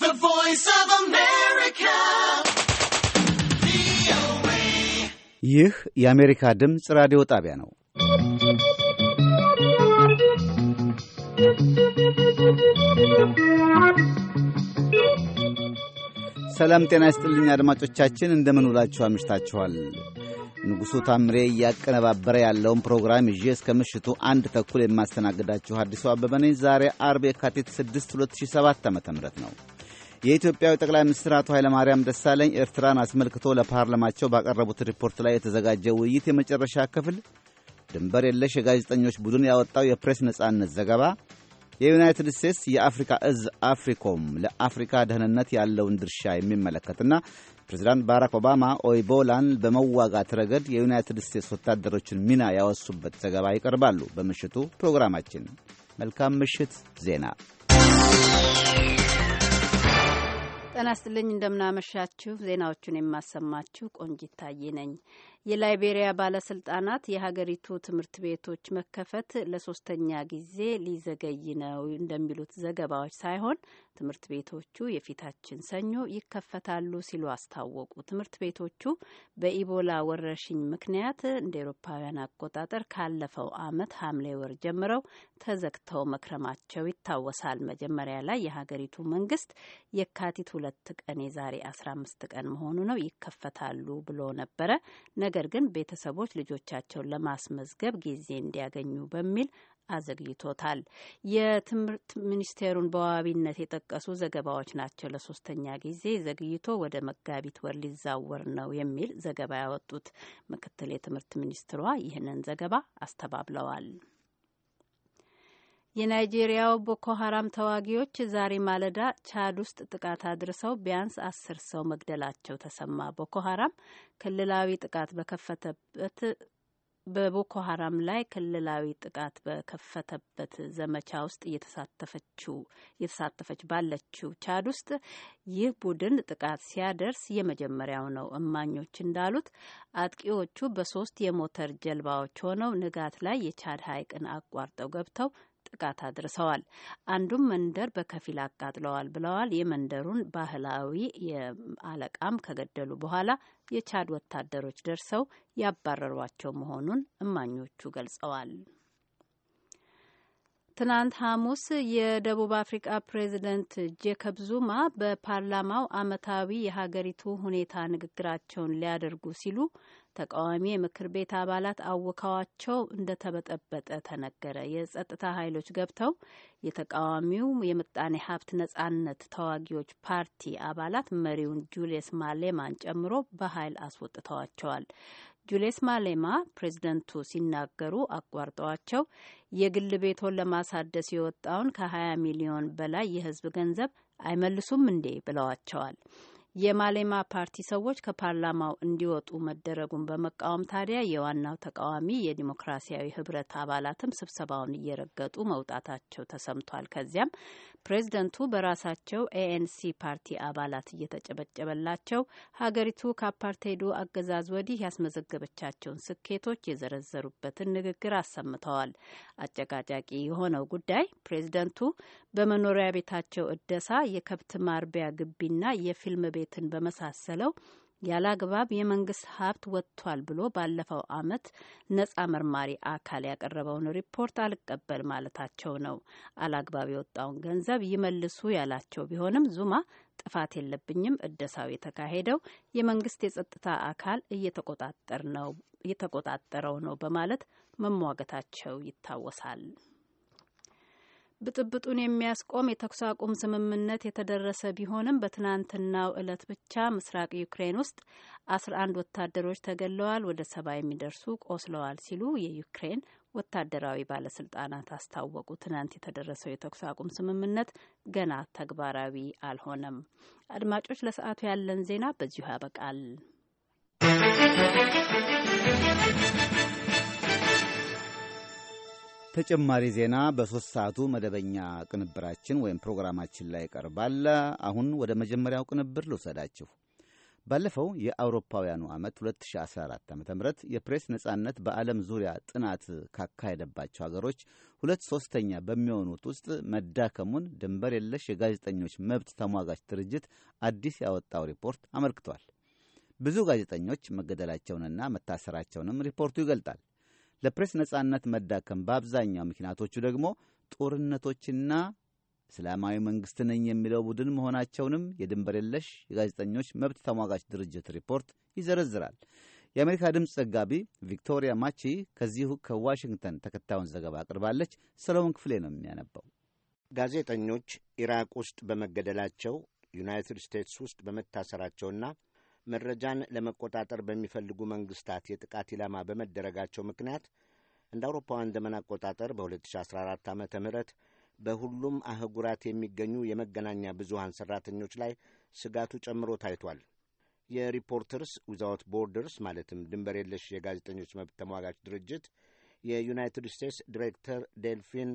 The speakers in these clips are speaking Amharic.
The Voice of America. ይህ የአሜሪካ ድምፅ ራዲዮ ጣቢያ ነው። ሰላም ጤና ይስጥልኝ አድማጮቻችን፣ እንደምን ውላችሁ አምሽታችኋል። ንጉሡ ታምሬ እያቀነባበረ ያለውን ፕሮግራም ይዤ እስከ ምሽቱ አንድ ተኩል የማስተናግዳችሁ አዲሱ አበበ ነኝ። ዛሬ አርብ የካቲት 6 2007 ዓ ም ነው የኢትዮጵያው ጠቅላይ ሚኒስትር አቶ ኃይለማርያም ደሳለኝ ኤርትራን አስመልክቶ ለፓርላማቸው ባቀረቡት ሪፖርት ላይ የተዘጋጀ ውይይት የመጨረሻ ክፍል ድንበር የለሽ የጋዜጠኞች ቡድን ያወጣው የፕሬስ ነጻነት ዘገባ የዩናይትድ ስቴትስ የአፍሪካ እዝ አፍሪኮም ለአፍሪካ ደህንነት ያለውን ድርሻ የሚመለከትና ፕሬዚዳንት ባራክ ኦባማ ኦይቦላን በመዋጋት ረገድ የዩናይትድ ስቴትስ ወታደሮችን ሚና ያወሱበት ዘገባ ይቀርባሉ። በምሽቱ ፕሮግራማችን መልካም ምሽት ዜና ጤና ይስጥልኝ እንደምናመሻችሁ ዜናዎቹን የማሰማችሁ ቆንጂት ታዬ ነኝ የላይቤሪያ ባለስልጣናት የሀገሪቱ ትምህርት ቤቶች መከፈት ለሶስተኛ ጊዜ ሊዘገይ ነው እንደሚሉት ዘገባዎች ሳይሆን ትምህርት ቤቶቹ የፊታችን ሰኞ ይከፈታሉ ሲሉ አስታወቁ። ትምህርት ቤቶቹ በኢቦላ ወረርሽኝ ምክንያት እንደ ኤሮፓውያን አቆጣጠር ካለፈው ዓመት ሐምሌ ወር ጀምረው ተዘግተው መክረማቸው ይታወሳል። መጀመሪያ ላይ የሀገሪቱ መንግስት የካቲት ሁለት ቀን የዛሬ አስራ አምስት ቀን መሆኑ ነው ይከፈታሉ ብሎ ነበረ። ነገር ግን ቤተሰቦች ልጆቻቸውን ለማስመዝገብ ጊዜ እንዲያገኙ በሚል አዘግይቶታል። የትምህርት ሚኒስቴሩን በዋቢነት የጠቀሱ ዘገባዎች ናቸው ለሶስተኛ ጊዜ ዘግይቶ ወደ መጋቢት ወር ሊዛወር ነው የሚል ዘገባ ያወጡት። ምክትል የትምህርት ሚኒስትሯ ይህንን ዘገባ አስተባብለዋል። የናይጄሪያው ቦኮ ሀራም ተዋጊዎች ዛሬ ማለዳ ቻድ ውስጥ ጥቃት አድርሰው ቢያንስ አስር ሰው መግደላቸው ተሰማ። ቦኮ ሀራም ክልላዊ ጥቃት በከፈተበት በቦኮ ሀራም ላይ ክልላዊ ጥቃት በከፈተበት ዘመቻ ውስጥ እየተሳተፈችው እየተሳተፈች ባለችው ቻድ ውስጥ ይህ ቡድን ጥቃት ሲያደርስ የመጀመሪያው ነው። እማኞች እንዳሉት አጥቂዎቹ በሶስት የሞተር ጀልባዎች ሆነው ንጋት ላይ የቻድ ሐይቅን አቋርጠው ገብተው ጥቃት አድርሰዋል። አንዱም መንደር በከፊል አቃጥለዋል ብለዋል። የመንደሩን ባህላዊ የአለቃም ከገደሉ በኋላ የቻድ ወታደሮች ደርሰው ያባረሯቸው መሆኑን እማኞቹ ገልጸዋል። ትናንት ሐሙስ የደቡብ አፍሪካ ፕሬዚደንት ጄኮብ ዙማ በፓርላማው ዓመታዊ የሀገሪቱ ሁኔታ ንግግራቸውን ሊያደርጉ ሲሉ ተቃዋሚ የምክር ቤት አባላት አውከዋቸው እንደተበጠበጠ ተነገረ። የጸጥታ ኃይሎች ገብተው የተቃዋሚው የምጣኔ ሀብት ነጻነት ተዋጊዎች ፓርቲ አባላት መሪውን ጁልየስ ማሌማን ጨምሮ በኃይል አስወጥተዋቸዋል። ጁልየስ ማሌማ ፕሬዝደንቱ ሲናገሩ አቋርጠዋቸው የግል ቤቶን ለማሳደስ የወጣውን ከ20 ሚሊዮን በላይ የህዝብ ገንዘብ አይመልሱም እንዴ ብለዋቸዋል። የማሌማ ፓርቲ ሰዎች ከፓርላማው እንዲወጡ መደረጉን በመቃወም ታዲያ የዋናው ተቃዋሚ የዲሞክራሲያዊ ህብረት አባላትም ስብሰባውን እየረገጡ መውጣታቸው ተሰምቷል። ከዚያም ፕሬዝደንቱ በራሳቸው ኤኤንሲ ፓርቲ አባላት እየተጨበጨበላቸው ሀገሪቱ ከአፓርቴዱ አገዛዝ ወዲህ ያስመዘገበቻቸውን ስኬቶች የዘረዘሩበትን ንግግር አሰምተዋል። አጨቃጫቂ የሆነው ጉዳይ ፕሬዝደንቱ በመኖሪያ ቤታቸው እደሳ የከብት ማርቢያ ግቢና የፊልም ቤትን በመሳሰለው ያለ አግባብ የመንግስት ሀብት ወጥቷል ብሎ ባለፈው አመት ነጻ መርማሪ አካል ያቀረበውን ሪፖርት አልቀበል ማለታቸው ነው። አላግባብ የወጣውን ገንዘብ ይመልሱ ያላቸው ቢሆንም ዙማ ጥፋት የለብኝም፣ እደሳው የተካሄደው የመንግስት የጸጥታ አካል እየተቆጣጠር ነው እየተቆጣጠረው ነው በማለት መሟገታቸው ይታወሳል። ብጥብጡን የሚያስቆም የተኩስ አቁም ስምምነት የተደረሰ ቢሆንም በትናንትናው ዕለት ብቻ ምስራቅ ዩክሬን ውስጥ አስራ አንድ ወታደሮች ተገለዋል ወደ ሰባ የሚደርሱ ቆስለዋል ሲሉ የዩክሬን ወታደራዊ ባለስልጣናት አስታወቁ። ትናንት የተደረሰው የተኩስ አቁም ስምምነት ገና ተግባራዊ አልሆነም። አድማጮች፣ ለሰዓቱ ያለን ዜና በዚሁ ያበቃል። ተጨማሪ ዜና በሦስት ሰዓቱ መደበኛ ቅንብራችን ወይም ፕሮግራማችን ላይ ይቀርባል። አሁን ወደ መጀመሪያው ቅንብር ልውሰዳችሁ። ባለፈው የአውሮፓውያኑ ዓመት 2014 ዓ ም የፕሬስ ነጻነት በዓለም ዙሪያ ጥናት ካካሄደባቸው ሀገሮች ሁለት ሦስተኛ በሚሆኑት ውስጥ መዳከሙን ድንበር የለሽ የጋዜጠኞች መብት ተሟጋች ድርጅት አዲስ ያወጣው ሪፖርት አመልክቷል። ብዙ ጋዜጠኞች መገደላቸውንና መታሰራቸውንም ሪፖርቱ ይገልጣል። ለፕሬስ ነጻነት መዳከም በአብዛኛው ምክንያቶቹ ደግሞ ጦርነቶችና እስላማዊ መንግስት ነኝ የሚለው ቡድን መሆናቸውንም የድንበር የለሽ የጋዜጠኞች መብት ተሟጋች ድርጅት ሪፖርት ይዘረዝራል። የአሜሪካ ድምፅ ዘጋቢ ቪክቶሪያ ማቺ ከዚሁ ከዋሽንግተን ተከታዩን ዘገባ አቅርባለች። ሰለሞን ክፍሌ ነው የሚያነባው። ጋዜጠኞች ኢራቅ ውስጥ በመገደላቸው ዩናይትድ ስቴትስ ውስጥ በመታሰራቸውና መረጃን ለመቆጣጠር በሚፈልጉ መንግስታት የጥቃት ኢላማ በመደረጋቸው ምክንያት እንደ አውሮፓውያን ዘመን አቆጣጠር በ2014 ዓ ም በሁሉም አህጉራት የሚገኙ የመገናኛ ብዙሃን ሠራተኞች ላይ ስጋቱ ጨምሮ ታይቷል። የሪፖርተርስ ዊዛውት ቦርደርስ ማለትም ድንበር የለሽ የጋዜጠኞች መብት ተሟጋች ድርጅት የዩናይትድ ስቴትስ ዲሬክተር ዴልፊን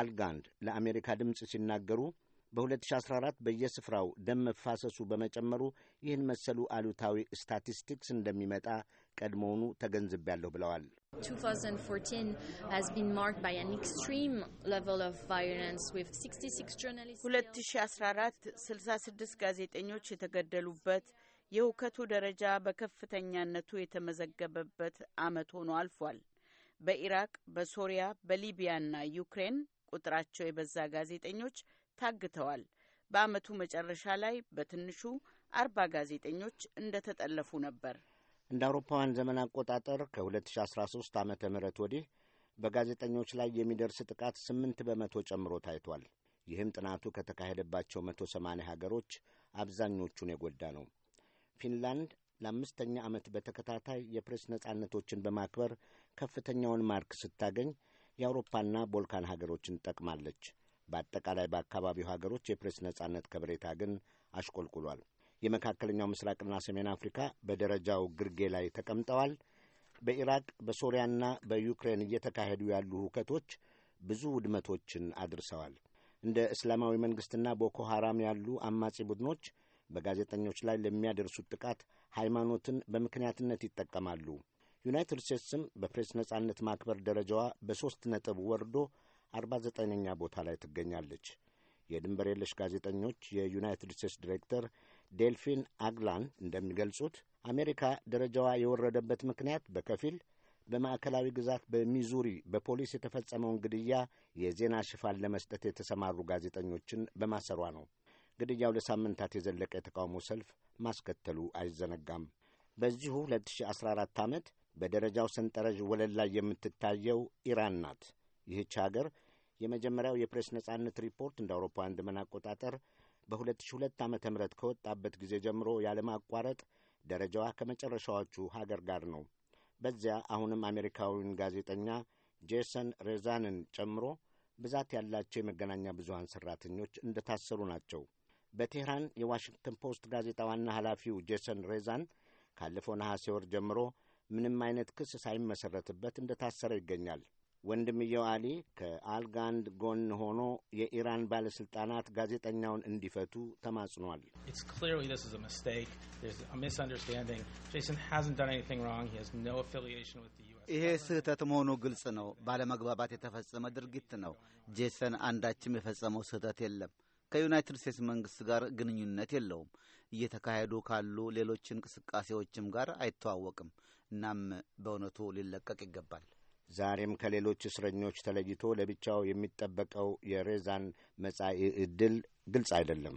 አልጋንድ ለአሜሪካ ድምፅ ሲናገሩ በ2014 በየስፍራው ደም መፋሰሱ በመጨመሩ ይህን መሰሉ አሉታዊ ስታቲስቲክስ እንደሚመጣ ቀድሞውኑ ተገንዝቤያለሁ ብለዋል። 2014 66 ጋዜጠኞች የተገደሉበት የሁከቱ ደረጃ በከፍተኛነቱ የተመዘገበበት ዓመት ሆኖ አልፏል። በኢራቅ፣ በሶሪያ፣ በሊቢያና ዩክሬን ቁጥራቸው የበዛ ጋዜጠኞች ታግተዋል። በዓመቱ መጨረሻ ላይ በትንሹ አርባ ጋዜጠኞች እንደተጠለፉ ነበር። እንደ አውሮፓውያን ዘመን አቆጣጠር ከ2013 ዓ ም ወዲህ በጋዜጠኞች ላይ የሚደርስ ጥቃት ስምንት በመቶ ጨምሮ ታይቷል። ይህም ጥናቱ ከተካሄደባቸው መቶ ሀገሮች አብዛኞቹን የጎዳ ነው። ፊንላንድ ለአምስተኛ ዓመት በተከታታይ የፕሬስ ነጻነቶችን በማክበር ከፍተኛውን ማርክ ስታገኝ የአውሮፓና ቦልካን ሀገሮችን ጠቅማለች። በአጠቃላይ በአካባቢው ሀገሮች የፕሬስ ነጻነት ከበሬታ ግን አሽቆልቁሏል። የመካከለኛው ምስራቅና ሰሜን አፍሪካ በደረጃው ግርጌ ላይ ተቀምጠዋል። በኢራቅ በሶሪያና በዩክሬን እየተካሄዱ ያሉ ሁከቶች ብዙ ውድመቶችን አድርሰዋል። እንደ እስላማዊ መንግሥትና ቦኮ ሐራም ያሉ አማጺ ቡድኖች በጋዜጠኞች ላይ ለሚያደርሱት ጥቃት ሃይማኖትን በምክንያትነት ይጠቀማሉ። ዩናይትድ ስቴትስም በፕሬስ ነጻነት ማክበር ደረጃዋ በሦስት ነጥብ ወርዶ 49ኛ ቦታ ላይ ትገኛለች። የድንበር የለሽ ጋዜጠኞች የዩናይትድ ስቴትስ ዲሬክተር ዴልፊን አግላን እንደሚገልጹት አሜሪካ ደረጃዋ የወረደበት ምክንያት በከፊል በማዕከላዊ ግዛት በሚዙሪ በፖሊስ የተፈጸመውን ግድያ የዜና ሽፋን ለመስጠት የተሰማሩ ጋዜጠኞችን በማሰሯ ነው። ግድያው ለሳምንታት የዘለቀ የተቃውሞ ሰልፍ ማስከተሉ አይዘነጋም። በዚሁ 2014 ዓመት በደረጃው ሰንጠረዥ ወለል ላይ የምትታየው ኢራን ናት። ይህች አገር የመጀመሪያው የፕሬስ ነጻነት ሪፖርት እንደ አውሮፓውያን ዘመን አቆጣጠር በ2002 ዓ ም ከወጣበት ጊዜ ጀምሮ ያለማቋረጥ ደረጃዋ ከመጨረሻዎቹ ሀገር ጋር ነው። በዚያ አሁንም አሜሪካዊውን ጋዜጠኛ ጄሰን ሬዛንን ጨምሮ ብዛት ያላቸው የመገናኛ ብዙሀን ሠራተኞች እንደታሰሩ ናቸው። በቴህራን የዋሽንግተን ፖስት ጋዜጣ ዋና ኃላፊው ጄሰን ሬዛን ካለፈው ነሐሴ ወር ጀምሮ ምንም አይነት ክስ ሳይመሠረትበት እንደታሰረ ይገኛል። ወንድምየው አሊ ከአልጋንድ ጎን ሆኖ የኢራን ባለሥልጣናት ጋዜጠኛውን እንዲፈቱ ተማጽኗል። ይሄ ስህተት መሆኑ ግልጽ ነው። ባለመግባባት የተፈጸመ ድርጊት ነው። ጄሰን አንዳችም የፈጸመው ስህተት የለም። ከዩናይትድ ስቴትስ መንግሥት ጋር ግንኙነት የለውም። እየተካሄዱ ካሉ ሌሎች እንቅስቃሴዎችም ጋር አይተዋወቅም። እናም በእውነቱ ሊለቀቅ ይገባል። ዛሬም ከሌሎች እስረኞች ተለይቶ ለብቻው የሚጠበቀው የሬዛን መጻኢ ዕድል ግልጽ አይደለም።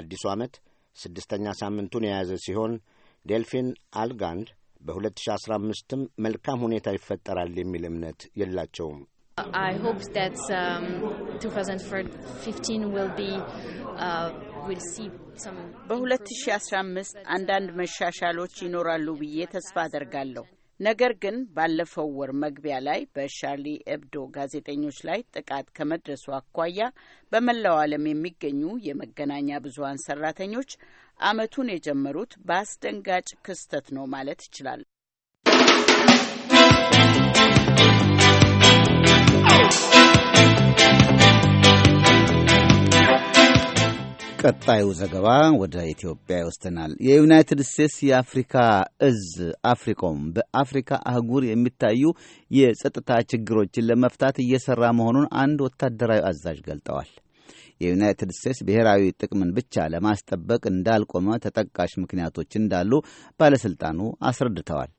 አዲሱ ዓመት ስድስተኛ ሳምንቱን የያዘ ሲሆን ዴልፊን አልጋንድ በ2015ም መልካም ሁኔታ ይፈጠራል የሚል እምነት የላቸውም። um, uh, በ2015 አንዳንድ መሻሻሎች ይኖራሉ ብዬ ተስፋ አደርጋለሁ። ነገር ግን ባለፈው ወር መግቢያ ላይ በሻርሊ ኤብዶ ጋዜጠኞች ላይ ጥቃት ከመድረሱ አኳያ በመላው ዓለም የሚገኙ የመገናኛ ብዙሀን ሰራተኞች አመቱን የጀመሩት በአስደንጋጭ ክስተት ነው ማለት ይችላል። ቀጣዩ ዘገባ ወደ ኢትዮጵያ ይወስደናል። የዩናይትድ ስቴትስ የአፍሪካ እዝ አፍሪኮም በአፍሪካ አህጉር የሚታዩ የጸጥታ ችግሮችን ለመፍታት እየሰራ መሆኑን አንድ ወታደራዊ አዛዥ ገልጠዋል። የዩናይትድ ስቴትስ ብሔራዊ ጥቅምን ብቻ ለማስጠበቅ እንዳልቆመ ተጠቃሽ ምክንያቶች እንዳሉ ባለሥልጣኑ አስረድተዋል።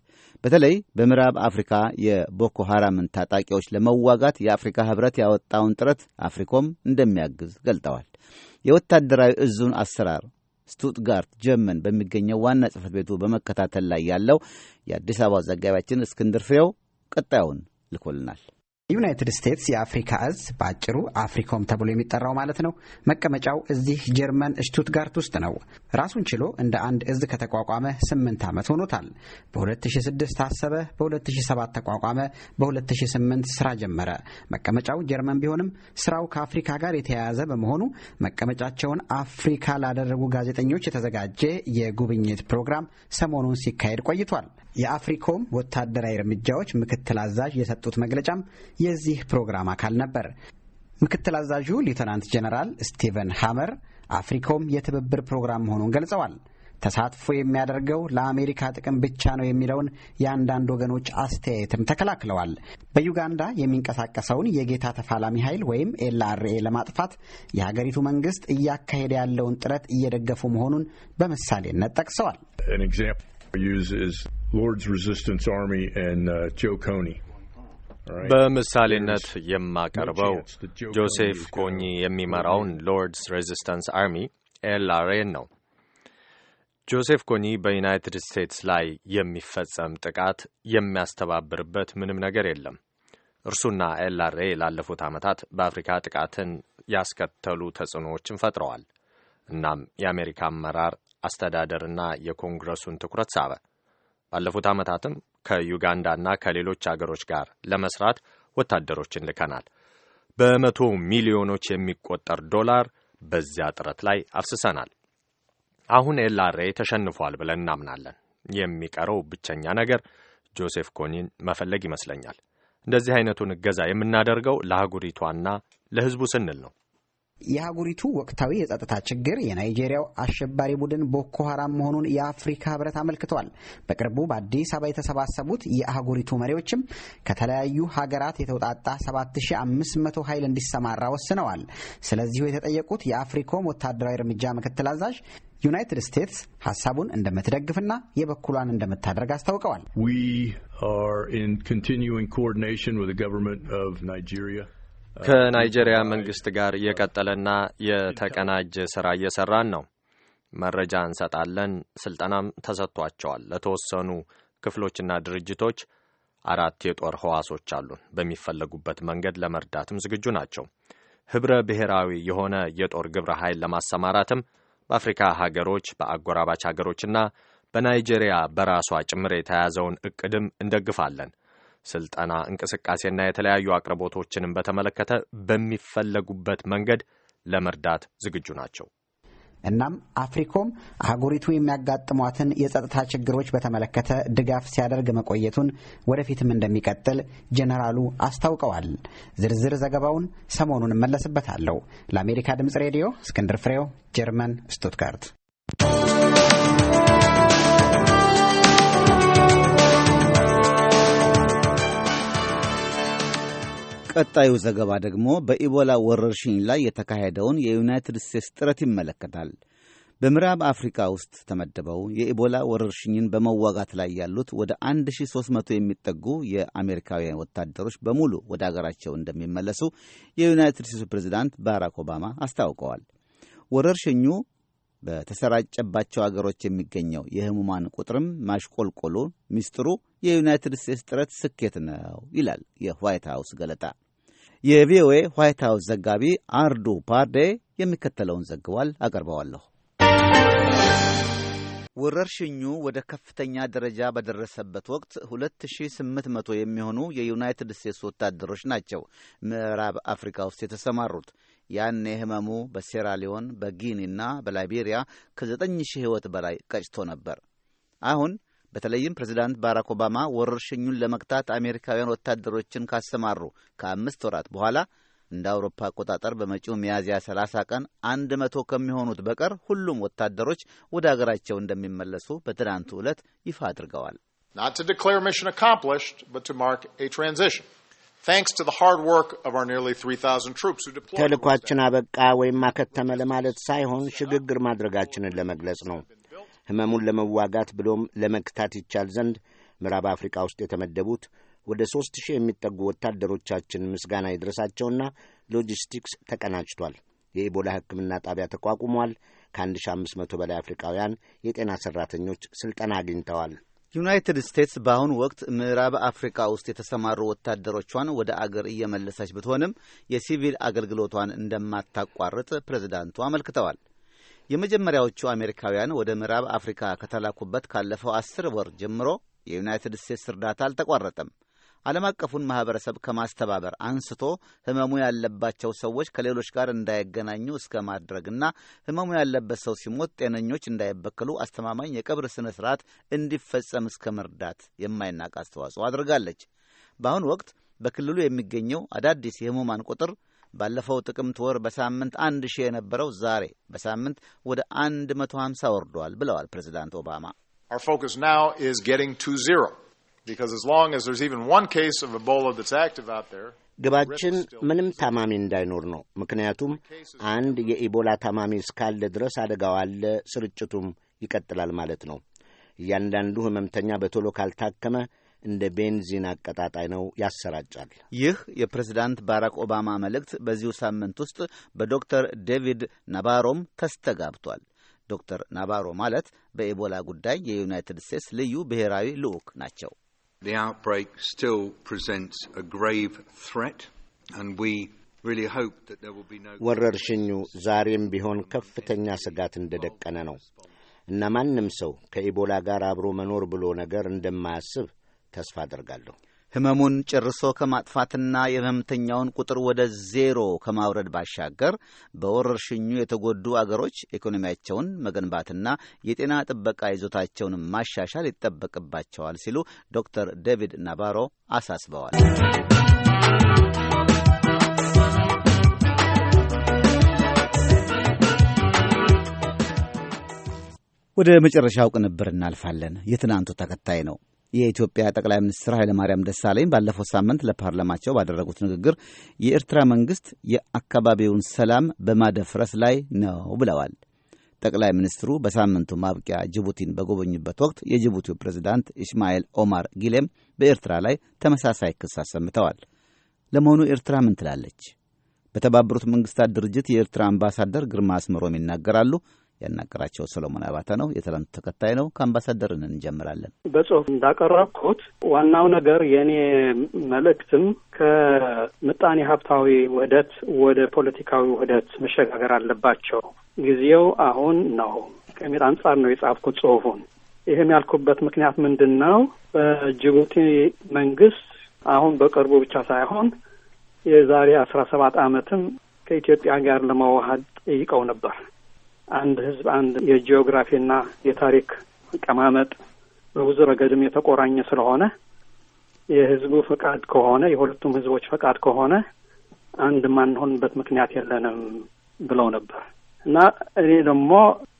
በተለይ በምዕራብ አፍሪካ የቦኮ ሐራምን ታጣቂዎች ለመዋጋት የአፍሪካ ህብረት ያወጣውን ጥረት አፍሪኮም እንደሚያግዝ ገልጠዋል። የወታደራዊ እዙን አሰራር ስቱትጋርት ጀርመን በሚገኘው ዋና ጽህፈት ቤቱ በመከታተል ላይ ያለው የአዲስ አበባ ዘጋቢያችን እስክንድር ፍሬው ቀጣዩን ልኮልናል። ዩናይትድ ስቴትስ የአፍሪካ እዝ በአጭሩ አፍሪኮም ተብሎ የሚጠራው ማለት ነው። መቀመጫው እዚህ ጀርመን ሽቱትጋርት ውስጥ ነው። ራሱን ችሎ እንደ አንድ እዝ ከተቋቋመ ስምንት ዓመት ሆኖታል። በ2006 ታሰበ፣ በ2007 ተቋቋመ፣ በ2008 ስራ ጀመረ። መቀመጫው ጀርመን ቢሆንም ስራው ከአፍሪካ ጋር የተያያዘ በመሆኑ መቀመጫቸውን አፍሪካ ላደረጉ ጋዜጠኞች የተዘጋጀ የጉብኝት ፕሮግራም ሰሞኑን ሲካሄድ ቆይቷል። የአፍሪኮም ወታደራዊ እርምጃዎች ምክትል አዛዥ የሰጡት መግለጫም የዚህ ፕሮግራም አካል ነበር። ምክትል አዛዡ ሊውተናንት ጀነራል ስቲቨን ሃመር አፍሪኮም የትብብር ፕሮግራም መሆኑን ገልጸዋል። ተሳትፎ የሚያደርገው ለአሜሪካ ጥቅም ብቻ ነው የሚለውን የአንዳንድ ወገኖች አስተያየትም ተከላክለዋል። በዩጋንዳ የሚንቀሳቀሰውን የጌታ ተፋላሚ ኃይል ወይም ኤልአርኤ ለማጥፋት የሀገሪቱ መንግስት እያካሄደ ያለውን ጥረት እየደገፉ መሆኑን በምሳሌነት ጠቅሰዋል። Lord's Resistance Army and uh, Joe Coney. በምሳሌነት የማቀርበው ጆሴፍ ኮኒ የሚመራውን ሎርድስ ሬዚስተንስ አርሚ ኤልአርኤን ነው። ጆሴፍ ኮኒ በዩናይትድ ስቴትስ ላይ የሚፈጸም ጥቃት የሚያስተባብርበት ምንም ነገር የለም። እርሱና ኤልአርኤ ላለፉት ዓመታት በአፍሪካ ጥቃትን ያስከተሉ ተጽዕኖዎችን ፈጥረዋል። እናም የአሜሪካ አመራር አስተዳደርና የኮንግረሱን ትኩረት ሳበ። ባለፉት ዓመታትም ከዩጋንዳና ከሌሎች አገሮች ጋር ለመስራት ወታደሮችን ልከናል። በመቶ ሚሊዮኖች የሚቆጠር ዶላር በዚያ ጥረት ላይ አፍስሰናል። አሁን ኤልአርኤ ተሸንፏል ብለን እናምናለን። የሚቀረው ብቸኛ ነገር ጆሴፍ ኮኒን መፈለግ ይመስለኛል። እንደዚህ አይነቱን እገዛ የምናደርገው ለአህጉሪቷና ለሕዝቡ ስንል ነው። የአህጉሪቱ ወቅታዊ የጸጥታ ችግር የናይጄሪያው አሸባሪ ቡድን ቦኮ ሀራም መሆኑን የአፍሪካ ህብረት አመልክቷል። በቅርቡ በአዲስ አበባ የተሰባሰቡት የአህጉሪቱ መሪዎችም ከተለያዩ ሀገራት የተውጣጣ 7500 ኃይል እንዲሰማራ ወስነዋል። ስለዚሁ የተጠየቁት የአፍሪኮም ወታደራዊ እርምጃ ምክትል አዛዥ ዩናይትድ ስቴትስ ሀሳቡን እንደምትደግፍና የበኩሏን እንደምታደርግ አስታውቀዋል። ከናይጄሪያ መንግስት ጋር የቀጠለና የተቀናጀ ስራ እየሰራን ነው። መረጃ እንሰጣለን። ስልጠናም ተሰጥቷቸዋል። ለተወሰኑ ክፍሎችና ድርጅቶች አራት የጦር ህዋሶች አሉን። በሚፈለጉበት መንገድ ለመርዳትም ዝግጁ ናቸው። ህብረ ብሔራዊ የሆነ የጦር ግብረ ኃይል ለማሰማራትም በአፍሪካ ሀገሮች፣ በአጎራባች ሀገሮችና በናይጄሪያ በራሷ ጭምር የተያዘውን እቅድም እንደግፋለን። ስልጠና እንቅስቃሴና የተለያዩ አቅርቦቶችንም በተመለከተ በሚፈለጉበት መንገድ ለመርዳት ዝግጁ ናቸው። እናም አፍሪኮም አህጉሪቱ የሚያጋጥሟትን የጸጥታ ችግሮች በተመለከተ ድጋፍ ሲያደርግ መቆየቱን ወደፊትም እንደሚቀጥል ጀነራሉ አስታውቀዋል። ዝርዝር ዘገባውን ሰሞኑን እመለስበታለሁ። ለአሜሪካ ድምፅ ሬዲዮ እስክንድር ፍሬው፣ ጀርመን ስቱትጋርት ቀጣዩ ዘገባ ደግሞ በኢቦላ ወረርሽኝ ላይ የተካሄደውን የዩናይትድ ስቴትስ ጥረት ይመለከታል። በምዕራብ አፍሪካ ውስጥ ተመድበው የኢቦላ ወረርሽኝን በመዋጋት ላይ ያሉት ወደ 1300 የሚጠጉ የአሜሪካውያን ወታደሮች በሙሉ ወደ አገራቸው እንደሚመለሱ የዩናይትድ ስቴትስ ፕሬዚዳንት ባራክ ኦባማ አስታውቀዋል። ወረርሽኙ በተሰራጨባቸው አገሮች የሚገኘው የህሙማን ቁጥርም ማሽቆልቆሉ ሚስጥሩ የዩናይትድ ስቴትስ ጥረት ስኬት ነው ይላል የዋይት ሃውስ ገለጣ። የቪኦኤ ዋይት ሀውስ ዘጋቢ አርዱ ፓርዴ የሚከተለውን ዘግቧል። አቀርበዋለሁ። ወረርሽኙ ወደ ከፍተኛ ደረጃ በደረሰበት ወቅት 2800 የሚሆኑ የዩናይትድ ስቴትስ ወታደሮች ናቸው ምዕራብ አፍሪካ ውስጥ የተሰማሩት። ያኔ ህመሙ በሴራሊዮን በጊኒና በላይቤሪያ ከ9000 ሕይወት በላይ ቀጭቶ ነበር። አሁን በተለይም ፕሬዚዳንት ባራክ ኦባማ ወረርሽኙን ለመግታት አሜሪካውያን ወታደሮችን ካሰማሩ ከአምስት ወራት በኋላ እንደ አውሮፓ አቆጣጠር በመጪው ሚያዝያ 30 ቀን አንድ መቶ ከሚሆኑት በቀር ሁሉም ወታደሮች ወደ አገራቸው እንደሚመለሱ በትናንቱ ዕለት ይፋ አድርገዋል። ተልኳችን አበቃ ወይም አከተመ ለማለት ሳይሆን ሽግግር ማድረጋችንን ለመግለጽ ነው። ህመሙን ለመዋጋት ብሎም ለመግታት ይቻል ዘንድ ምዕራብ አፍሪካ ውስጥ የተመደቡት ወደ ሦስት ሺህ የሚጠጉ ወታደሮቻችን ምስጋና ይድረሳቸውና ሎጂስቲክስ ተቀናጅቷል። የኢቦላ ሕክምና ጣቢያ ተቋቁሟል። መቶ በላይ አፍሪካውያን የጤና ሠራተኞች ሥልጠና አግኝተዋል። ዩናይትድ ስቴትስ በአሁኑ ወቅት ምዕራብ አፍሪካ ውስጥ የተሰማሩ ወታደሮቿን ወደ አገር እየመለሰች ብትሆንም የሲቪል አገልግሎቷን እንደማታቋርጥ ፕሬዚዳንቱ አመልክተዋል። የመጀመሪያዎቹ አሜሪካውያን ወደ ምዕራብ አፍሪካ ከተላኩበት ካለፈው አስር ወር ጀምሮ የዩናይትድ ስቴትስ እርዳታ አልተቋረጠም። ዓለም አቀፉን ማኅበረሰብ ከማስተባበር አንስቶ ሕመሙ ያለባቸው ሰዎች ከሌሎች ጋር እንዳይገናኙ እስከ ማድረግና ሕመሙ ያለበት ሰው ሲሞት ጤነኞች እንዳይበክሉ አስተማማኝ የቀብር ሥነ ሥርዓት እንዲፈጸም እስከ መርዳት የማይናቅ አስተዋጽኦ አድርጋለች። በአሁኑ ወቅት በክልሉ የሚገኘው አዳዲስ የሕሙማን ቁጥር ባለፈው ጥቅምት ወር በሳምንት አንድ ሺህ የነበረው ዛሬ በሳምንት ወደ አንድ መቶ ሀምሳ ወርዷል ብለዋል ፕሬዚዳንት ኦባማ። ግባችን ምንም ታማሚ እንዳይኖር ነው። ምክንያቱም አንድ የኢቦላ ታማሚ እስካለ ድረስ አደጋው አለ፣ ስርጭቱም ይቀጥላል ማለት ነው። እያንዳንዱ ህመምተኛ በቶሎ ካልታከመ እንደ ቤንዚን አቀጣጣይ ነው፣ ያሰራጫል። ይህ የፕሬዝዳንት ባራክ ኦባማ መልእክት በዚሁ ሳምንት ውስጥ በዶክተር ዴቪድ ናባሮም ተስተጋብቷል። ዶክተር ናባሮ ማለት በኢቦላ ጉዳይ የዩናይትድ ስቴትስ ልዩ ብሔራዊ ልዑክ ናቸው። ወረርሽኙ ዛሬም ቢሆን ከፍተኛ ስጋት እንደደቀነ ነው እና ማንም ሰው ከኢቦላ ጋር አብሮ መኖር ብሎ ነገር እንደማያስብ ተስፋ አደርጋለሁ። ህመሙን ጨርሶ ከማጥፋትና የህመምተኛውን ቁጥር ወደ ዜሮ ከማውረድ ባሻገር በወረርሽኙ የተጎዱ አገሮች ኢኮኖሚያቸውን መገንባትና የጤና ጥበቃ ይዞታቸውን ማሻሻል ይጠበቅባቸዋል ሲሉ ዶክተር ዴቪድ ናባሮ አሳስበዋል። ወደ መጨረሻው ቅንብር እናልፋለን። የትናንቱ ተከታይ ነው። የኢትዮጵያ ጠቅላይ ሚኒስትር ኃይለማርያም ደሳለኝ ባለፈው ሳምንት ለፓርላማቸው ባደረጉት ንግግር የኤርትራ መንግስት የአካባቢውን ሰላም በማደፍረስ ላይ ነው ብለዋል። ጠቅላይ ሚኒስትሩ በሳምንቱ ማብቂያ ጅቡቲን በጎበኙበት ወቅት የጅቡቲው ፕሬዝዳንት ኢስማኤል ኦማር ጊሌም በኤርትራ ላይ ተመሳሳይ ክስ አሰምተዋል። ለመሆኑ ኤርትራ ምን ትላለች? በተባበሩት መንግስታት ድርጅት የኤርትራ አምባሳደር ግርማ አስመሮም ይናገራሉ። ያናገራቸው ሰሎሞን አባተ ነው። የትላንት ተከታይ ነው። ከአምባሳደርን እንጀምራለን። በጽሁፍ እንዳቀረብኩት ዋናው ነገር የእኔ መልእክትም ከምጣኔ ሀብታዊ ውህደት ወደ ፖለቲካዊ ውህደት መሸጋገር አለባቸው። ጊዜው አሁን ነው ከሚል አንጻር ነው የጻፍኩት ጽሁፉን። ይህም ያልኩበት ምክንያት ምንድን ነው? በጅቡቲ መንግስት አሁን በቅርቡ ብቻ ሳይሆን የዛሬ አስራ ሰባት አመትም ከኢትዮጵያ ጋር ለመዋሀድ ጠይቀው ነበር። አንድ ህዝብ አንድ የጂኦግራፊና የታሪክ አቀማመጥ በብዙ ረገድም የተቆራኘ ስለሆነ የህዝቡ ፈቃድ ከሆነ የሁለቱም ህዝቦች ፈቃድ ከሆነ አንድ ማንሆንበት ምክንያት የለንም ብለው ነበር እና እኔ ደግሞ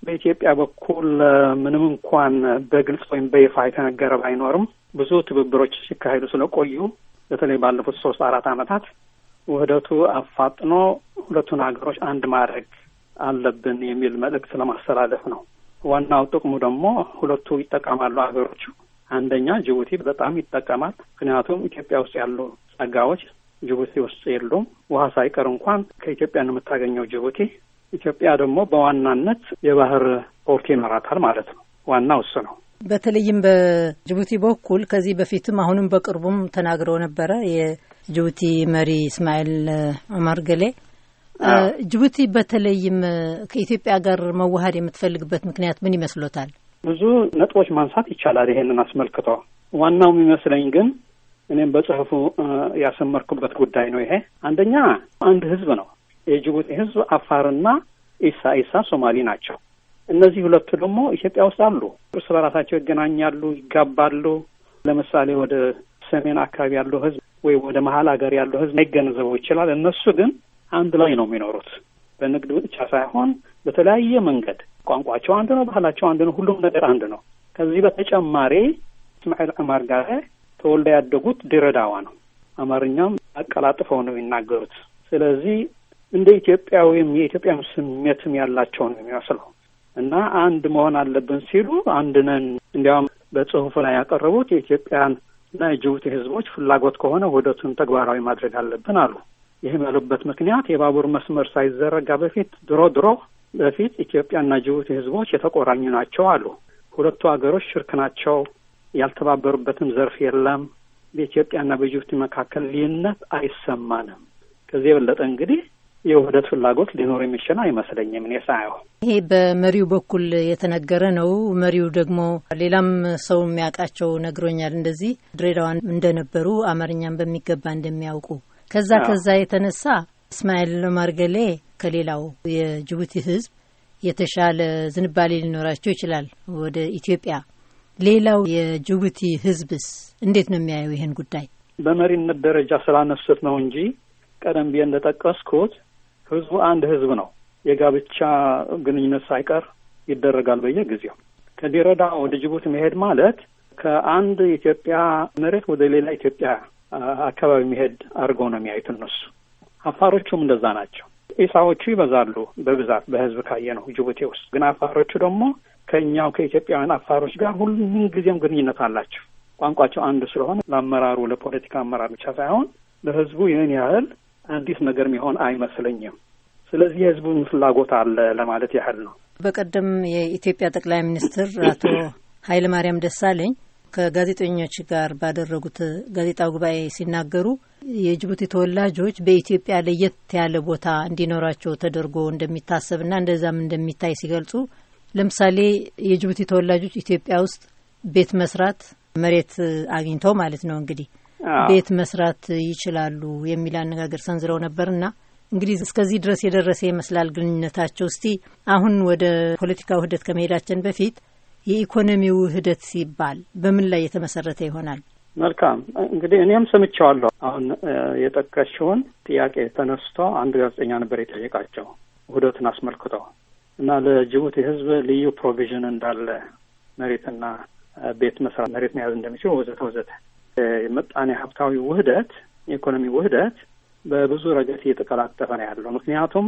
በኢትዮጵያ በኩል ምንም እንኳን በግልጽ ወይም በይፋ የተነገረ ባይኖርም ብዙ ትብብሮች ሲካሄዱ ስለቆዩ በተለይ ባለፉት ሶስት አራት ዓመታት ውህደቱ አፋጥኖ ሁለቱን ሀገሮች አንድ ማድረግ አለብን የሚል መልእክት ለማስተላለፍ ነው። ዋናው ጥቅሙ ደግሞ ሁለቱ ይጠቀማሉ ሀገሮቹ። አንደኛ ጅቡቲ በጣም ይጠቀማል። ምክንያቱም ኢትዮጵያ ውስጥ ያሉ ጸጋዎች ጅቡቲ ውስጥ የሉም። ውሃ ሳይቀር እንኳን ከኢትዮጵያ ነው የምታገኘው ጅቡቲ። ኢትዮጵያ ደግሞ በዋናነት የባህር ፖርት ይመራታል ማለት ነው። ዋናው እሱ ነው። በተለይም በጅቡቲ በኩል ከዚህ በፊትም አሁንም በቅርቡም ተናግረው ነበረ የጅቡቲ መሪ እስማኤል ኦማር ገሌ ጅቡቲ በተለይም ከኢትዮጵያ ጋር መዋሀድ የምትፈልግበት ምክንያት ምን ይመስሎታል? ብዙ ነጥቦች ማንሳት ይቻላል ይሄንን አስመልክቶ። ዋናው የሚመስለኝ ግን እኔም በጽሁፉ ያሰመርኩበት ጉዳይ ነው። ይሄ አንደኛ አንድ ህዝብ ነው የጅቡቲ ህዝብ፣ አፋርና ኢሳ ኢሳ ሶማሊ ናቸው። እነዚህ ሁለቱ ደግሞ ኢትዮጵያ ውስጥ አሉ። እርስ በራሳቸው ይገናኛሉ፣ ይጋባሉ። ለምሳሌ ወደ ሰሜን አካባቢ ያለው ህዝብ ወይም ወደ መሀል ሀገር ያለው ህዝብ አይገነዘበው ይችላል። እነሱ ግን አንድ ላይ ነው የሚኖሩት። በንግድ ብቻ ሳይሆን በተለያየ መንገድ ቋንቋቸው አንድ ነው፣ ባህላቸው አንድ ነው፣ ሁሉም ነገር አንድ ነው። ከዚህ በተጨማሪ እስማኤል ዑመር ጋር ተወልደ ያደጉት ድሬዳዋ ነው። አማርኛም አቀላጥፈው ነው የሚናገሩት። ስለዚህ እንደ ኢትዮጵያዊም የኢትዮጵያም ስሜትም ያላቸው ነው የሚመስለው እና አንድ መሆን አለብን ሲሉ አንድ ነን። እንዲያውም በጽሁፍ ላይ ያቀረቡት የኢትዮጵያን እና የጅቡቲ ህዝቦች ፍላጎት ከሆነ ውህደቱን ተግባራዊ ማድረግ አለብን አሉ። ይህም ያሉበት ምክንያት የባቡር መስመር ሳይዘረጋ በፊት ድሮ ድሮ በፊት ኢትዮጵያና ጅቡቲ ህዝቦች የተቆራኙ ናቸው አሉ። ሁለቱ ሀገሮች ሽርክ ናቸው፣ ያልተባበሩበትም ዘርፍ የለም። በኢትዮጵያና በጅቡቲ መካከል ልዩነት አይሰማንም። ከዚህ የበለጠ እንግዲህ የውህደት ፍላጎት ሊኖር የሚችል አይመስለኝም። እኔ ሳየው ይሄ በመሪው በኩል የተነገረ ነው። መሪው ደግሞ ሌላም ሰው የሚያውቃቸው ነግሮኛል፣ እንደዚህ ድሬዳዋን እንደነበሩ አማርኛም በሚገባ እንደሚያውቁ ከዛ ከዛ የተነሳ እስማኤል ማርገሌ ከሌላው የጅቡቲ ህዝብ የተሻለ ዝንባሌ ሊኖራቸው ይችላል ወደ ኢትዮጵያ። ሌላው የጅቡቲ ህዝብስ እንዴት ነው የሚያየው ይህን ጉዳይ? በመሪነት ደረጃ ስላነሱት ነው እንጂ ቀደም ብዬ እንደጠቀስኩት ህዝቡ አንድ ህዝብ ነው። የጋብቻ ግንኙነት ሳይቀር ይደረጋል በየጊዜው። ከዲረዳ ወደ ጅቡቲ መሄድ ማለት ከአንድ ኢትዮጵያ መሬት ወደ ሌላ ኢትዮጵያ አካባቢ የሚሄድ አድርገው ነው የሚያዩት እነሱ። አፋሮቹም እንደዛ ናቸው። ኢሳዎቹ ይበዛሉ በብዛት በህዝብ ካየ ነው ጅቡቲ ውስጥ። ግን አፋሮቹ ደግሞ ከእኛው ከኢትዮጵያውያን አፋሮች ጋር ሁሉም ጊዜም ግንኙነት አላቸው። ቋንቋቸው አንዱ ስለሆነ ለአመራሩ ለፖለቲካ አመራር ብቻ ሳይሆን ለህዝቡ ይህን ያህል አዲስ ነገር የሚሆን አይመስለኝም። ስለዚህ የህዝቡን ፍላጎት አለ ለማለት ያህል ነው። በቀደም የኢትዮጵያ ጠቅላይ ሚኒስትር አቶ ኃይለማርያም ደሳለኝ ከጋዜጠኞች ጋር ባደረጉት ጋዜጣ ጉባኤ ሲናገሩ የጅቡቲ ተወላጆች በኢትዮጵያ ለየት ያለ ቦታ እንዲኖራቸው ተደርጎ እንደሚታሰብና እንደዛም እንደሚታይ ሲገልጹ ለምሳሌ የጅቡቲ ተወላጆች ኢትዮጵያ ውስጥ ቤት መስራት መሬት አግኝተው ማለት ነው እንግዲህ ቤት መስራት ይችላሉ የሚል አነጋገር ሰንዝረው ነበርና እንግዲህ እስከዚህ ድረስ የደረሰ ይመስላል ግንኙነታቸው። እስቲ አሁን ወደ ፖለቲካ ውህደት ከመሄዳችን በፊት የኢኮኖሚ ውህደት ሲባል በምን ላይ የተመሰረተ ይሆናል? መልካም እንግዲህ እኔም ሰምቼዋለሁ። አሁን የጠቀሽውን ጥያቄ ተነስቶ አንድ ጋዜጠኛ ነበር የጠየቃቸው ውህደትን አስመልክቶ እና ለጅቡቲ ህዝብ ልዩ ፕሮቪዥን እንዳለ መሬትና ቤት መስራት፣ መሬት መያዝ እንደሚችል ወዘተ ወዘተ። የምጣኔ ሀብታዊ ውህደት፣ የኢኮኖሚ ውህደት በብዙ ረገድ እየተቀላጠፈ ነው ያለው። ምክንያቱም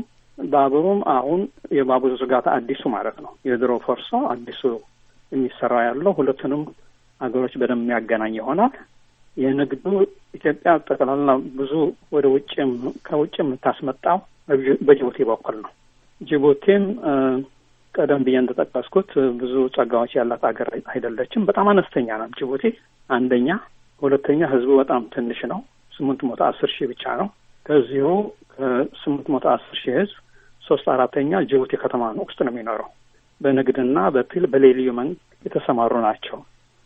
ባቡሩም አሁን የባቡር ዝርጋታ አዲሱ ማለት ነው የድሮ ፈርሶ አዲሱ የሚሰራ ያለው ሁለቱንም ሀገሮች በደንብ የሚያገናኝ ይሆናል። የንግዱ ኢትዮጵያ ጠቅላላ ብዙ ወደ ውጭም ከውጭ የምታስመጣው በጅቡቲ በኩል ነው። ጅቡቲም ቀደም ብዬ እንደጠቀስኩት ብዙ ጸጋዎች ያላት ሀገር አይደለችም። በጣም አነስተኛ ነው ጅቡቲ አንደኛ። ሁለተኛ ህዝቡ በጣም ትንሽ ነው። ስምንት መቶ አስር ሺህ ብቻ ነው። ከዚሁ ከስምንት መቶ አስር ሺህ ህዝብ ሶስት አራተኛ ጅቡቲ ከተማ ነው ውስጥ ነው የሚኖረው። በንግድና በፒል በሌልዩ የተሰማሩ ናቸው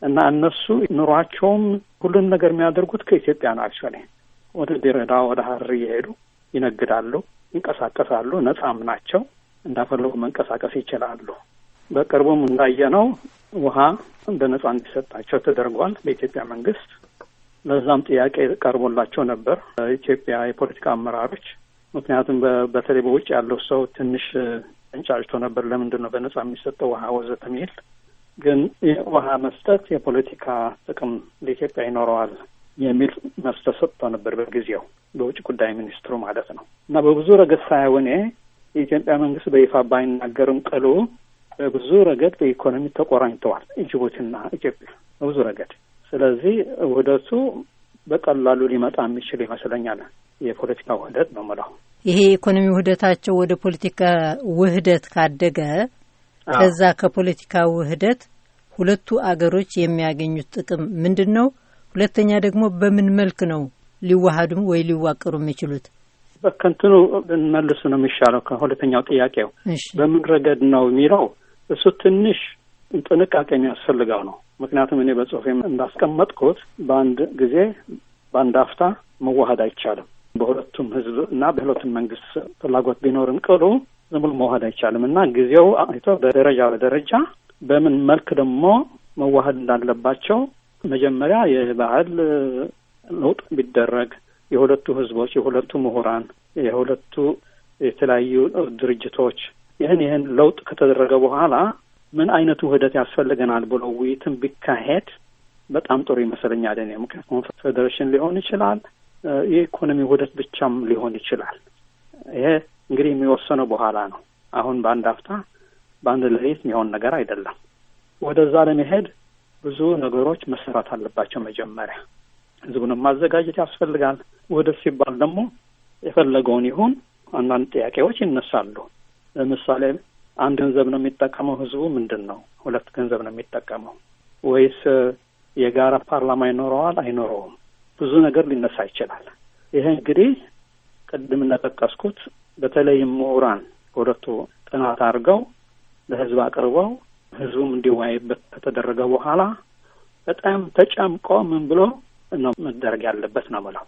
እና እነሱ ኑሯቸውም ሁሉን ነገር የሚያደርጉት ከኢትዮጵያ ነው። አክቹዋሊ ወደ ድሬዳ ወደ ሀረር እየሄዱ ይነግዳሉ፣ ይንቀሳቀሳሉ፣ ነጻም ናቸው። እንዳፈለጉ መንቀሳቀስ ይችላሉ። በቅርቡም እንዳየነው ውሃ እንደ ነጻ እንዲሰጣቸው ተደርጓል በኢትዮጵያ መንግስት። ለዛም ጥያቄ ቀርቦላቸው ነበር ኢትዮጵያ የፖለቲካ አመራሮች። ምክንያቱም በተለይ በውጭ ያለው ሰው ትንሽ እንጫጭቶ ነበር። ለምንድን ነው በነጻ የሚሰጠው ውሃ ወዘተ የሚል ግን ውሃ መስጠት የፖለቲካ ጥቅም ለኢትዮጵያ ይኖረዋል የሚል መልስ ተሰጥቶ ነበር በጊዜው በውጭ ጉዳይ ሚኒስትሩ ማለት ነው። እና በብዙ ረገድ ሳይሆን የኢትዮጵያ መንግስት በይፋ ባይናገርም ቅሉ በብዙ ረገድ በኢኮኖሚ ተቆራኝተዋል ጅቡቲና ኢትዮጵያ በብዙ ረገድ። ስለዚህ ውህደቱ በቀላሉ ሊመጣ የሚችል ይመስለኛል የፖለቲካ ውህደት በሙላው ይሄ የኢኮኖሚ ውህደታቸው ወደ ፖለቲካ ውህደት ካደገ ከዛ ከፖለቲካ ውህደት ሁለቱ አገሮች የሚያገኙት ጥቅም ምንድን ነው? ሁለተኛ ደግሞ በምን መልክ ነው ሊዋሃዱም ወይ ሊዋቀሩ የሚችሉት? በከንትኑ ልንመልሱ ነው የሚሻለው። ከሁለተኛው ጥያቄው በምን ረገድ ነው የሚለው እሱ ትንሽ ጥንቃቄ የሚያስፈልገው ነው። ምክንያቱም እኔ በጽሁፌም እንዳስቀመጥኩት በአንድ ጊዜ በአንድ አፍታ መዋሃድ አይቻልም። በሁለቱም ህዝብ እና በሁለቱም መንግስት ፍላጎት ቢኖርም ቅሉ ዝም ብሎ መዋሃድ አይቻልም እና ጊዜው አይቶ በደረጃ በደረጃ በምን መልክ ደግሞ መዋሀድ እንዳለባቸው መጀመሪያ የባህል ለውጥ ቢደረግ የሁለቱ ህዝቦች፣ የሁለቱ ምሁራን፣ የሁለቱ የተለያዩ ድርጅቶች ይህን ይህን ለውጥ ከተደረገ በኋላ ምን አይነቱ ውህደት ያስፈልገናል ብሎ ውይይትን ቢካሄድ በጣም ጥሩ ይመስለኛል። እኔ ምክንያቱም ፌዴሬሽን ሊሆን ይችላል የኢኮኖሚ ውህደት ብቻም ሊሆን ይችላል። ይሄ እንግዲህ የሚወሰነው በኋላ ነው። አሁን በአንድ አፍታ በአንድ ሌሊት የሚሆን ነገር አይደለም። ወደዛ ለመሄድ ብዙ ነገሮች መሰራት አለባቸው። መጀመሪያ ህዝቡንም ማዘጋጀት ያስፈልጋል። ውህደት ሲባል ደግሞ የፈለገውን ይሁን አንዳንድ ጥያቄዎች ይነሳሉ። ለምሳሌ አንድ ገንዘብ ነው የሚጠቀመው ህዝቡ ምንድን ነው? ሁለት ገንዘብ ነው የሚጠቀመው ወይስ የጋራ ፓርላማ ይኖረዋል አይኖረውም? ብዙ ነገር ሊነሳ ይችላል። ይሄ እንግዲህ ቅድም እንደጠቀስኩት በተለይም ምሁራን ሁለቱ ጥናት አድርገው ለህዝብ አቅርበው ህዝቡም እንዲወያይበት ከተደረገ በኋላ በጣም ተጨምቆ ምን ብሎ ነው መደረግ ያለበት ነው ብለው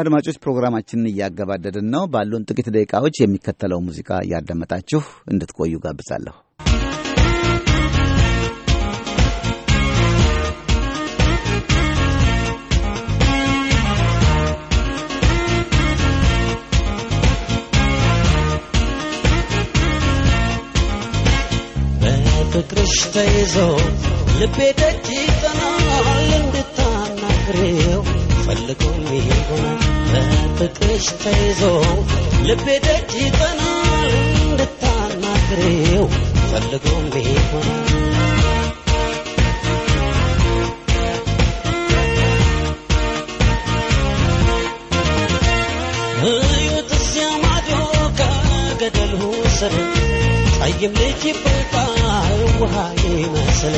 አድማጮች ፕሮግራማችንን እያገባደድን ነው። ባሉን ጥቂት ደቂቃዎች የሚከተለው ሙዚቃ እያዳመጣችሁ እንድትቆዩ ጋብዛለሁ። ፍቅርሽ ተይዞ ልቤ ደጅ ፍቅሽ ተይዞ ልቤ ደጅ ይጠናል እንድታናግሬው ፈልጎም ይሆናል ማዶ ከገደሉ ጠይም ልጅ ይፈልጣል ውሃ ይመስል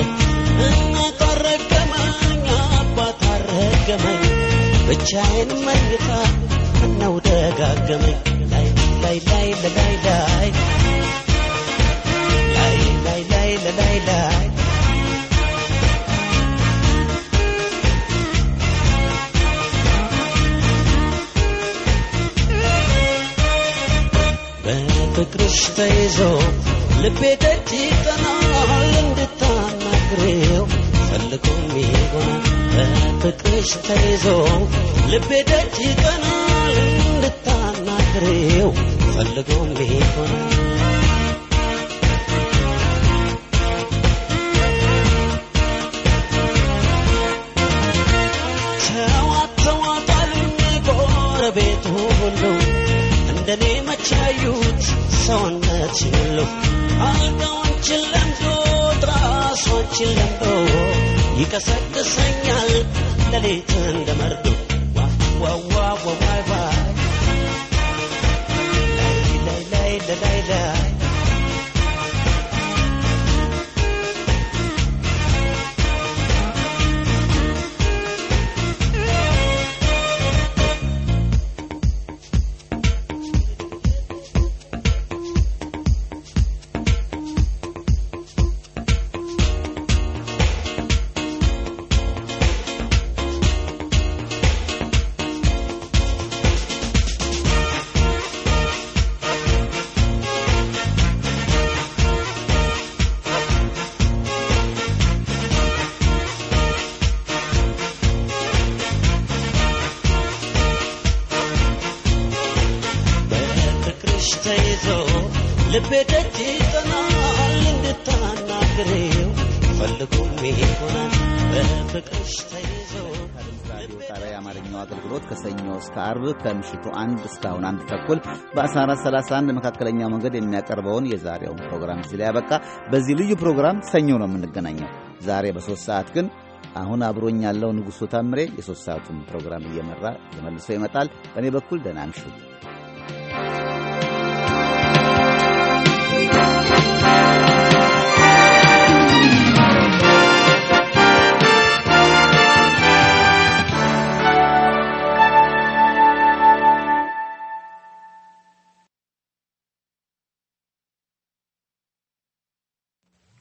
እናት አረገመኝ አባት አረገመኝ ብቻዬን መኝታ ደጋገመኝ ላይ ላይ ላይ ላይ ላይ ላይ ላይ ላይ ላይ ላይ በፍቅርሽ ተይዞ ልቤ ደጅ ቀና በፍቅርሽ ተይዞ ልቤ ደጅ ይቀናል እንድታናግሬው ፈልጎም ይሆናል ቤቱ ሁሉ እንደኔ መቻዩት ሰውነት ሁሉ አልጋዎችን ለምዶ ትራሶችን ለምዶ ይቀሰቅሰኛል daandalee kan damartuu waa waa waa አርብ ከምሽቱ አንድ እስካሁን አንድ ተኩል በ1431 መካከለኛ መንገድ የሚያቀርበውን የዛሬውን ፕሮግራም እዚህ ላይ ያበቃ። በዚህ ልዩ ፕሮግራም ሰኞ ነው የምንገናኘው። ዛሬ በሶስት ሰዓት ግን አሁን አብሮኝ ያለው ንጉሡ ታምሬ የሶስት ሰዓቱን ፕሮግራም እየመራ ተመልሶ ይመጣል። በእኔ በኩል ደህና ምሽት።